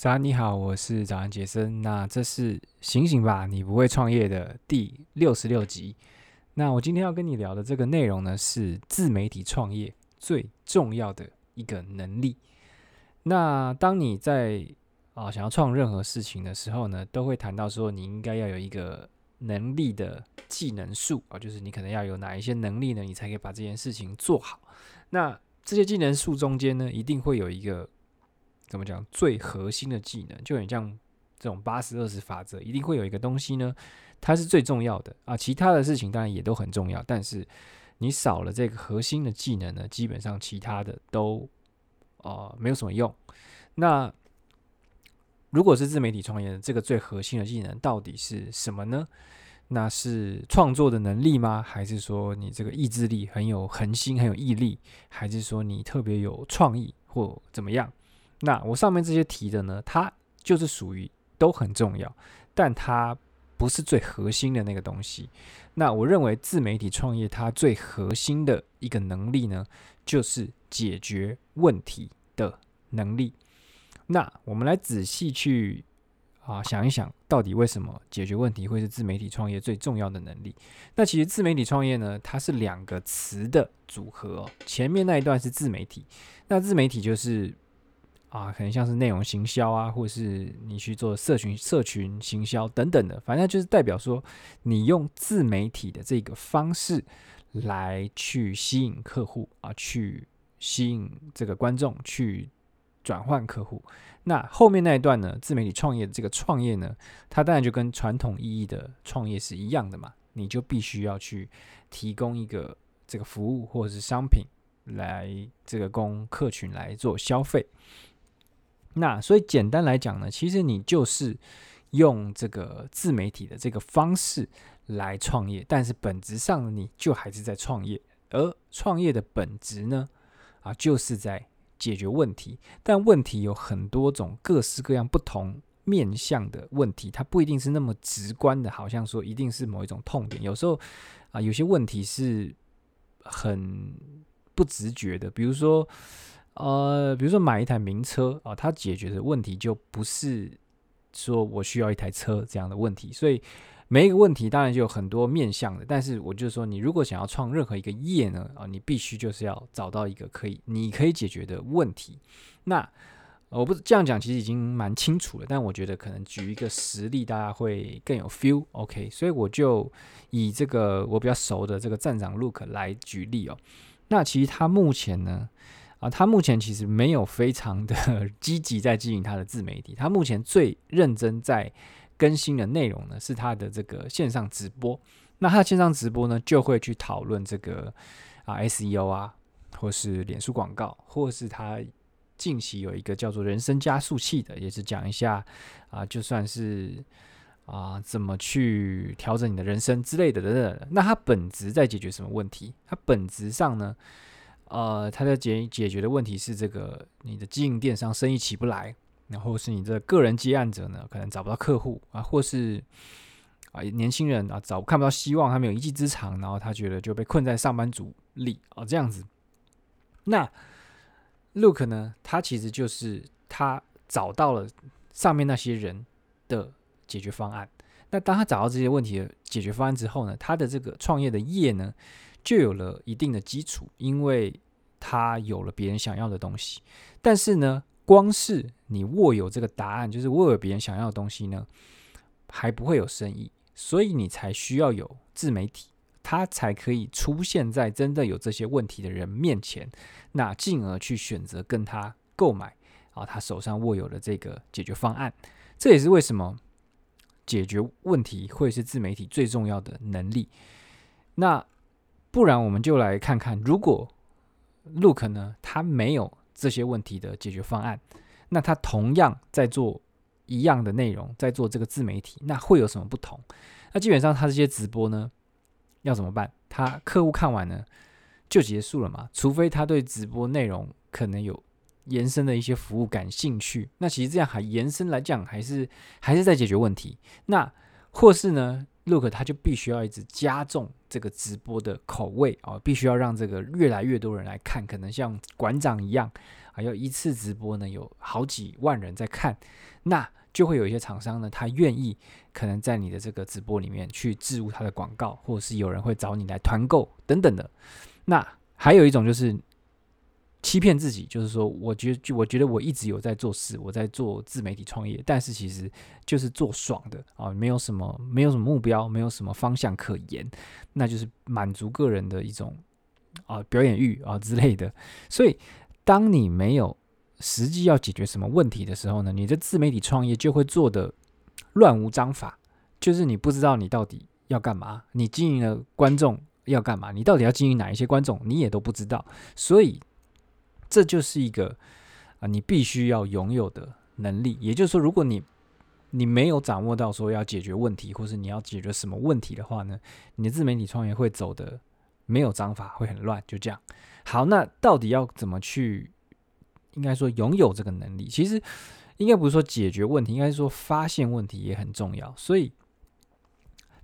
早安你好，我是早安傑森。那這是醒醒吧，你不會創業的第六十六集。那我今天要跟你聊的這個內容呢，是自媒體創業最重要的一個能力。那當你在啊想要創任何事情的時候呢，都會談到說你應該要有一個能力的技能樹啊，就是你可能要有哪一些能力呢，你才可以把這件事情做好。那這些技能樹中間呢，一定會有一個。怎麼講？最核心的技能，就很像這種八十二十法則，一定會有一個東西呢，它是最重要的啊。其他的事情當然也都很重要，但是你少了這個核心的技能呢，基本上其他的都呃沒有什麼用。那如果是自媒體創業的，這個最核心的技能到底是什麼呢？那是創作的能力嗎？還是說你這個意志力很有恆心、很有毅力？還是說你特別有創意或怎麼樣？那我上面這些提的呢，它就是屬於都很重要，但它不是最核心的那個東西。那我認為自媒體創業它最核心的一個能力呢，就是解決問題的能力。那我們來仔細去啊想一想，到底為什麼解決問題會是自媒體創業最重要的能力？那其實自媒體創業呢，它是兩個詞的組合哦，前面那一段是自媒體，那自媒體就是。啊，可能像是內容行銷啊，或是你去做社群社群行銷等等的，反正就是代表說，你用自媒體的這個方式來去吸引客戶啊，去吸引這個觀眾，去轉換客戶。那後面那一段呢？自媒體創業的這個創業呢，它當然就跟傳統意義的創業是一樣的嘛，你就必須要去提供一個這個服務或者是商品來這個供客群來做消費。那所以簡單來講呢，其實你就是用這個自媒體的這個方式來創業，但是本質上你就還是在創業，而創業的本質呢，啊，就是在解決問題。但問題有很多種，各式各樣、不同面向的問題，它不一定是那麼直觀的，好像說一定是某一種痛點。有時候啊，有些問題是很不直覺的，比如說。呃，比如說買一台名車啊、哦，它解決的問題就不是說我需要一台車這樣的問題，所以每一個問題當然就有很多面向的。但是我就說，你如果想要創任何一個業呢，啊、哦，你必須就是要找到一個可以你可以解決的問題。那我不這樣講，其實已經蠻清楚了。但我覺得可能舉一個實例，大家會更有 feel。OK，所以我就以這個我比較熟的這個站長 Look 來舉例哦。那其實他目前呢？啊，他目前其實沒有非常的積極在經營他的自媒體。他目前最認真在更新的內容呢，是他的這個線上直播。那他的線上直播呢，就會去討論這個啊 SEO 啊，或是臉書廣告，或是他近期有一個叫做“人生加速器”的，也是講一下啊，就算是啊怎麼去調整你的人生之類的等等。那他本質在解決什麼問題？他本質上呢，呃，他在解解決的問題是這個，你的經營電商生意起不來，然後是你的個人接案者呢，可能找不到客戶啊，或是啊年輕人啊找看不到希望，他沒有一技之長，然後他覺得就被困在上班族裡啊這樣子。那 Look 呢，他其實就是他找到了上面那些人的解決方案。那當他找到這些問題的解決方案之後呢，他的這個創業的業呢，就有了一定的基礎，因為他有了別人想要的東西。但是呢，光是你握有這個答案，就是握有別人想要的東西呢，還不會有生意。所以你才需要有自媒體，他才可以出現在真的有這些問題的人面前，那進而去選擇跟他購買啊，他手上握有的這個解決方案。這也是為什麼解決問題會是自媒體最重要的能力。那不然我們就來看看，如果 Look 呢，他沒有這些問題的解決方案，那他同樣在做一樣的內容，在做這個自媒體，那會有什麼不同？那基本上他這些直播呢，要怎麼辦？他客戶看完呢就結束了嘛？除非他對直播內容可能有延伸的一些服務感興趣，那其實這樣還延伸來講，還是還是在解決問題。那或是呢？Look，他就必須要一直加重這個直播的口味啊、哦，必須要讓這個越來越多人來看。可能像館長一樣，啊，要一次直播呢，有好幾萬人在看，那就會有一些廠商呢，他願意可能在你的這個直播裡面去置入他的廣告，或者是有人會找你來團購等等的。那還有一種就是。欺騙自己，就是說，我覺就我覺得我一直有在做事，我在做自媒體創業，但是其實就是做爽的啊、呃，沒有什麼沒有什麼目標，沒有什麼方向可言，那就是滿足個人的一種啊、呃、表演欲啊、呃、之類的。所以，當你沒有實際要解決什麼問題的時候呢，你的自媒體創業就會做得亂無章法，就是你不知道你到底要幹嘛，你經營了觀眾要幹嘛，你到底要經營哪一些觀眾，你也都不知道，所以。這就是一個啊、呃，你必須要擁有的能力。也就是說，如果你你沒有掌握到說要解決問題，或是你要解決什麼問題的話呢，你的自媒體創業會走得沒有章法，會很亂。就這樣。好，那到底要怎麼去？應該說擁有這個能力，其實應該不是說解決問題，應該是說發現問題也很重要。所以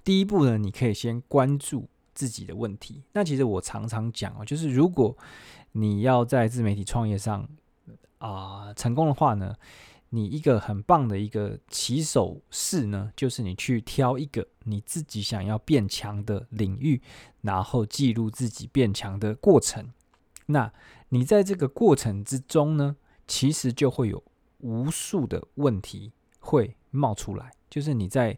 第一步呢，你可以先關注自己的問題。那其實我常常講哦，就是如果。你要在自媒體創業上啊、呃、成功的話呢，你一個很棒的一個起手式呢，就是你去挑一個你自己想要變強的領域，然後記錄自己變強的過程。那你在這個過程之中呢，其實就會有無數的問題會冒出來，就是你在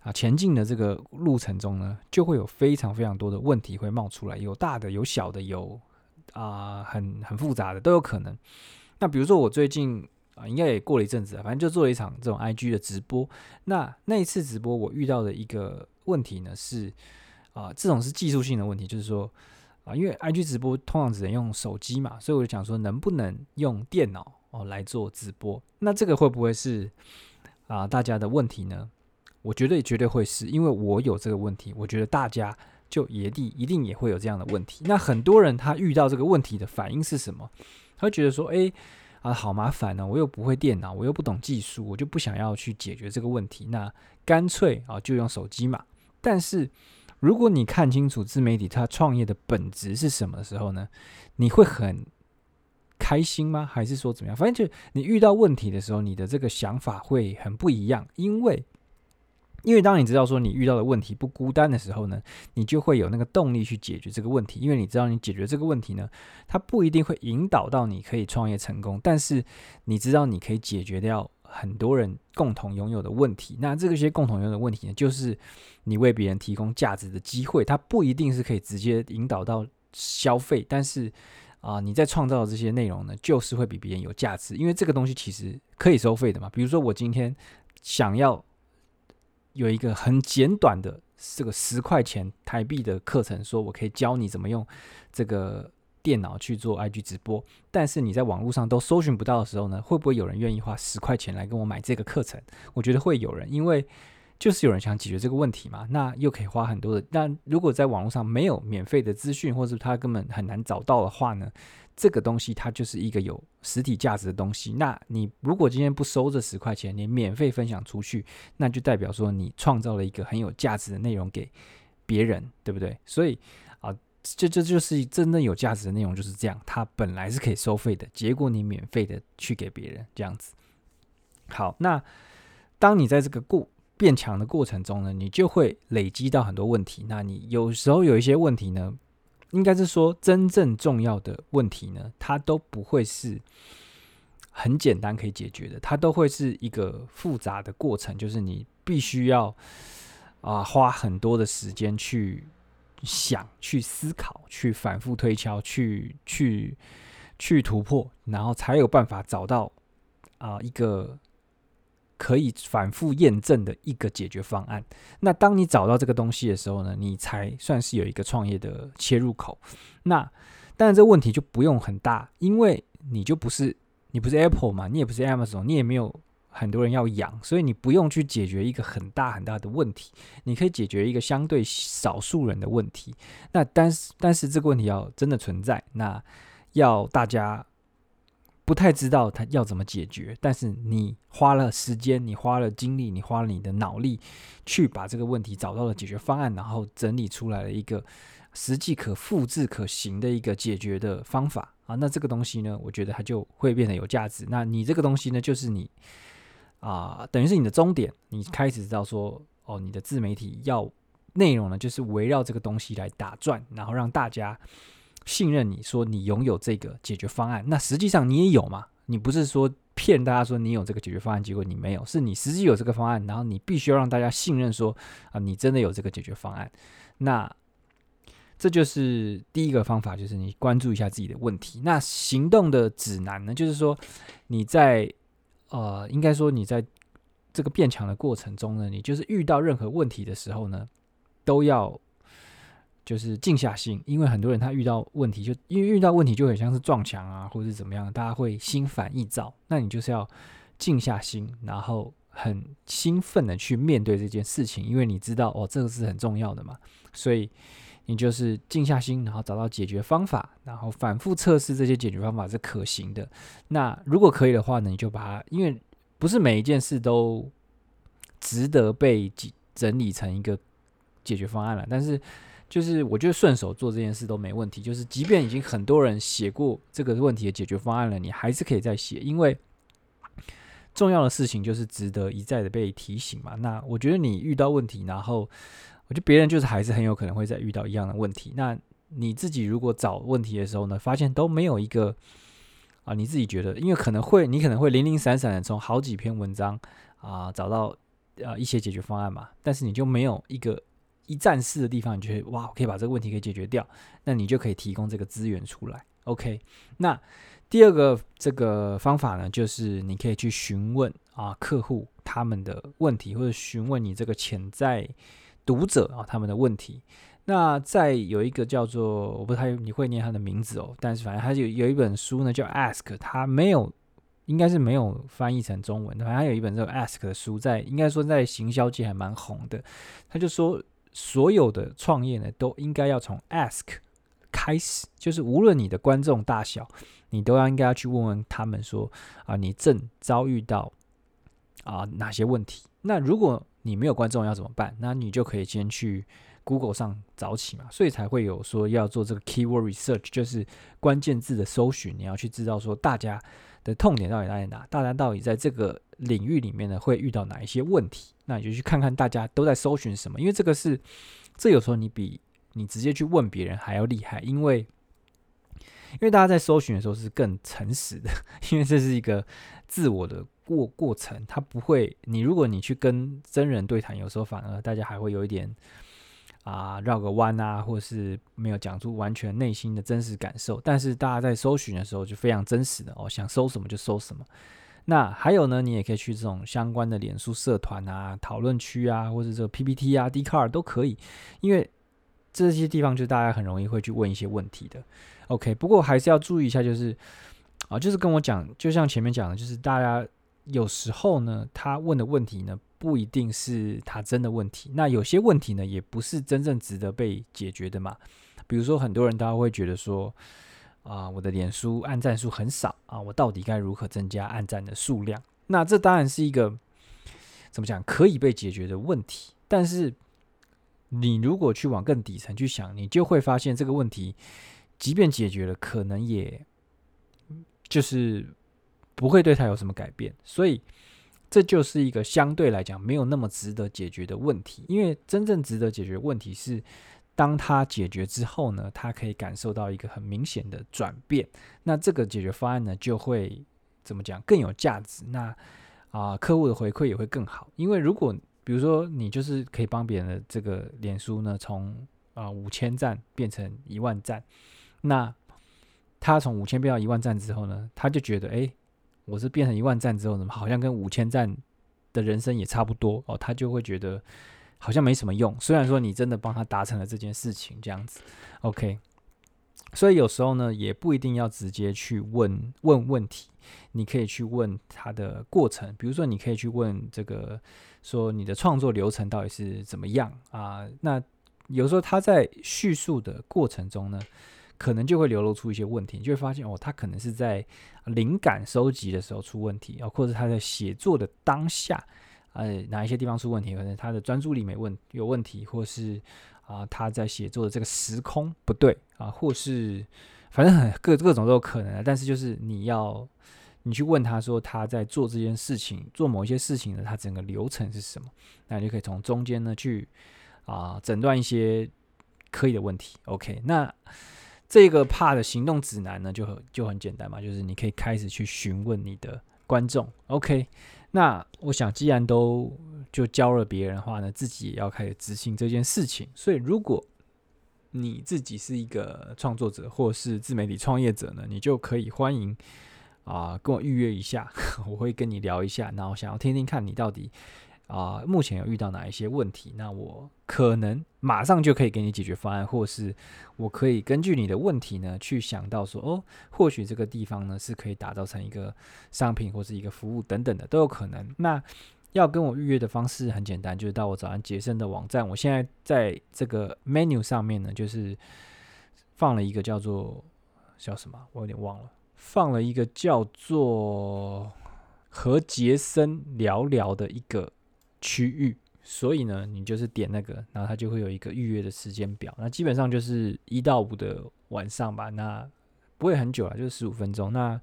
啊、呃、前進的這個路程中呢，就會有非常非常多的問題會冒出來，有大的，有小的，有。啊、呃，很很複雜的都有可能。那比如說，我最近啊、呃，應該也過了一陣子了，反正就做了一場這種 IG 的直播。那那一次直播，我遇到的一個問題呢是，啊、呃，這種是技術性的問題，就是說，啊、呃，因為 IG 直播通常只能用手機嘛，所以我就講說，能不能用電腦哦、呃、來做直播？那這個會不會是啊、呃、大家的問題呢？我覺得也絕對會是，因為我有這個問題，我覺得大家。就野地，一定也會有這樣的問題。那很多人他遇到這個問題的反應是什麼？他會覺得說：“哎啊，好麻煩呢、哦！我又不會電腦，我又不懂技術，我就不想要去解決這個問題。那乾脆啊，就用手機嘛。”但是如果你看清楚自媒體它創業的本質是什麼的時候呢？你會很開心嗎？還是說怎麼樣？反正就你遇到問題的時候，你的這個想法會很不一樣，因為。因為當你知道說你遇到的問題不孤單的時候呢，你就會有那個動力去解決這個問題。因為你知道你解決這個問題呢，它不一定會引導到你可以創業成功，但是你知道你可以解決掉很多人共同擁有的問題。那這個些共同擁有的問題呢，就是你為別人提供價值的機會。它不一定是可以直接引導到消費，但是啊、呃，你在創造的這些內容呢，就是會比別人有價值。因為這個東西其實可以收費的嘛。比如說我今天想要。有一個很簡短的這個十塊錢台幣的課程，說我可以教你怎麼用這個電腦去做 IG 直播，但是你在網絡上都搜尋不到的時候呢，會不會有人願意花十塊錢來跟我買這個課程？我覺得會有人，因為。就是有人想解決這個問題嘛。那又可以花很多的。那如果在網絡上沒有免費的資訊，或者他根本很難找到的話呢？這個東西它就是一個有實體價值的東西。那你如果今天不收這十塊錢，你免費分享出去，那就代表說你創造了一個很有價值的內容給別人，對不對？所以啊，這這就，就是真正有價值的內容就是這樣。它本來是可以收費的，結果你免費的去給別人這樣子。好，那當你在這個顧變強的過程中呢，你就會累積到很多問題。那你有時候有一些問題呢，應該是說真正重要的問題呢，它都不會是很簡單可以解決的，它都會是一個複雜的過程，就是你必須要啊、呃、花很多的時間去想、去思考、去反覆推敲、去去去突破，然後才有辦法找到啊、呃、一個。可以反復驗證的一個解決方案。那當你找到這個東西的時候呢，你才算是有一個創業的切入口。那但是這問題就不用很大，因為你就不是你不是 Apple 嘛，你也不是 Amazon，你也沒有很多人要養，所以你不用去解決一個很大很大的問題。你可以解決一個相對少數人的問題。那但是但是這個問題要真的存在，那要大家。不太知道他要怎麼解決，但是你花了時間，你花了精力，你花了你的腦力，去把這個問題找到了解決方案，然後整理出來了一個實際可複製、可行的一個解決的方法啊。那這個東西呢，我覺得它就會變得有價值。那你這個東西呢，就是你啊、呃，等於是你的終點。你開始知道說，哦，你的自媒體要內容呢，就是圍繞這個東西來打轉，然後讓大家。信任你說你擁有這個解決方案，那實際上你也有嘛。你不是說騙大家說你有這個解決方案，結果你沒有，是你實際有這個方案，然後你必須要讓大家信任說啊、呃，你真的有這個解決方案。那這就是第一個方法，就是你關注一下自己的問題。那行動的指南呢，就是說你在呃，應該說你在這個變強的過程中呢，你就是遇到任何問題的時候呢，都要。就是靜下心，因為很多人他遇到問題就，就因為遇到問題就很像是撞牆啊，或者是怎麼樣，大家會心煩意躁。那你就是要靜下心，然後很興奮的去面對這件事情，因為你知道哦，這個是很重要的嘛。所以你就是靜下心，然後找到解決方法，然後反覆測試這些解決方法是可行的。那如果可以的話呢，你就把它，因為不是每一件事都值得被幾整理成一個解決方案了，但是。就是我覺得順手做這件事都沒問題。就是即便已經很多人寫過這個問題的解決方案了，你還是可以再寫，因為重要的事情就是值得一再的被提醒嘛。那我覺得你遇到問題，然後我覺得別人就是還是很有可能會再遇到一樣的問題。那你自己如果找問題的時候呢，發現都沒有一個啊，你自己覺得，因為可能會你可能會零零散散的從好幾篇文章啊找到啊一些解決方案嘛，但是你就沒有一個。一站式的地方，你就可以哇，可以把這個問題可以解決掉，那你就可以提供這個資源出來。OK，那第二個這個方法呢，就是你可以去詢問啊客戶他們的問題，或者詢問你這個潛在讀者啊他們的問題。那在有一個叫做我不太你會念他的名字哦，但是反正他就有一本書呢叫 Ask，他沒有應該是沒有翻譯成中文，反正有一本這個 Ask 的書在應該說在行銷界還蠻紅的，他就說。所有的創業呢，都應該要從 ask 開始，就是無論你的觀眾大小，你都要應該要去問問他們說啊，你正遭遇到啊哪些問題？那如果你沒有觀眾要怎麼辦？那你就可以先去 Google 上找起嘛，所以才會有說要做這個 keyword research，就是關鍵字的搜尋，你要去知道說大家的痛點到底在哪裡，哪，大家到底在這個領域裡面呢會遇到哪一些問題。那你就去看看大家都在搜尋什麼，因為這個是，這有時候你比你直接去問別人還要厲害，因為，因為大家在搜尋的時候是更誠實的，因為這是一個自我的過過程，他不會，你如果你去跟真人對談，有時候反而大家還會有一點啊繞個彎啊，或者是沒有講出完全內心的真實感受，但是大家在搜尋的時候就非常真實的哦，想搜什麼就搜什麼。那還有呢，你也可以去這種相關的臉書社團啊、討論區啊，或者這個 PPT 啊、Dcard 都可以，因為這些地方就大家很容易會去問一些問題的。OK，不過還是要注意一下，就是啊，就是跟我講，就像前面講的，就是大家有時候呢，他問的問題呢，不一定是他真的問題。那有些問題呢，也不是真正值得被解決的嘛。比如說，很多人大家會覺得說，啊，我的臉書按贊數很少啊，我到底該如何增加按贊的數量？那這當然是一個怎麼講可以被解決的問題，但是你如果去往更底層去想，你就會發現這個問題，即便解決了，可能也就是不會對它有什麼改變，所以這就是一個相對來講沒有那麼值得解決的問題，因為真正值得解決的問題是。當他解決之後呢，他可以感受到一個很明顯的轉變。那這個解決方案呢，就會怎麼講更有價值？那啊，呃，客戶的回饋也會更好。因為如果比如說你就是可以幫別人的這個臉書呢，從啊，呃，五千讚變成一萬讚，那他從五千變到一萬讚之後呢，他就覺得誒，我是變成一萬讚之後怎麼好像跟五千讚的人生也差不多哦，他就會覺得。好像沒什麼用，雖然說你真的幫他達成了這件事情，這樣子，OK。所以有時候呢，也不一定要直接去問問問題，你可以去問他的過程，比如說你可以去問這個說你的創作流程到底是怎麼樣啊，呃？那有時候他在敘述的過程中呢，可能就會流露出一些問題，你就會發現哦，他可能是在靈感收集的時候出問題啊，或者他在寫作的當下。呃、哎，哪一些地方出問題？可能他的專注力沒問有問題，或是啊、呃，他在寫作的這個時空不對啊，或是反正很各各種都有可能的。但是就是你要你去問他說他在做這件事情、做某一些事情的他整個流程是什麼，那你就可以從中間呢去啊診斷一些可以的問題。OK，那這個 part 的行動指南呢就很就很簡單嘛，就是你可以開始去詢問你的觀眾。OK。那我想，既然都就教了別人的話呢，自己也要開始執行這件事情。所以，如果你自己是一個創作者或是自媒體創業者呢，你就可以歡迎啊，跟我預約一下，我會跟你聊一下，然後想要聽聽看你到底。啊，目前有遇到哪一些問題？那我可能馬上就可以給你解決方案，或是我可以根據你的問題呢，去想到說哦，或許這個地方呢是可以打造成一個商品或是一個服務等等的都有可能。那要跟我預約的方式很簡單，就是到我早安杰森的網站，我現在在這個 menu 上面呢，就是放了一個叫做叫什麼？我有點忘了，放了一個叫做和杰森聊聊的一個。區域，所以呢，你就是點那個，然後它就會有一個預約的時間表。那基本上就是一到五的晚上吧，那不會很久啊，就是十五分鐘。那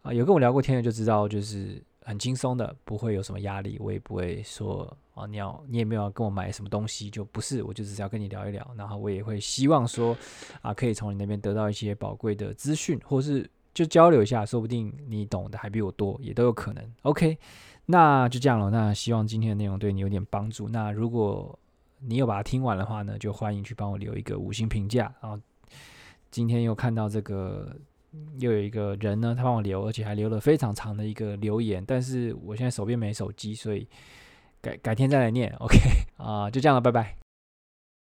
啊，有跟我聊過天的就知道，就是很輕鬆的，不會有什麼壓力。我也不會說啊，你要你也沒有要跟我買什麼東西，就不是，我就只是要跟你聊一聊。然後我也會希望說啊，可以從你那邊得到一些寶貴的資訊，或是就交流一下，說不定你懂的還比我多，也都有可能。OK。那就這樣了，那希望今天的內容對你有點幫助。那如果你有把它聽完的話呢，就歡迎去幫我留一個五星評價。然後今天又看到這個又有一個人呢，他幫我留，而且還留了非常長的一個留言，但是我現在手邊沒手機，所以改改天再來念。OK 啊，就這樣了，拜拜。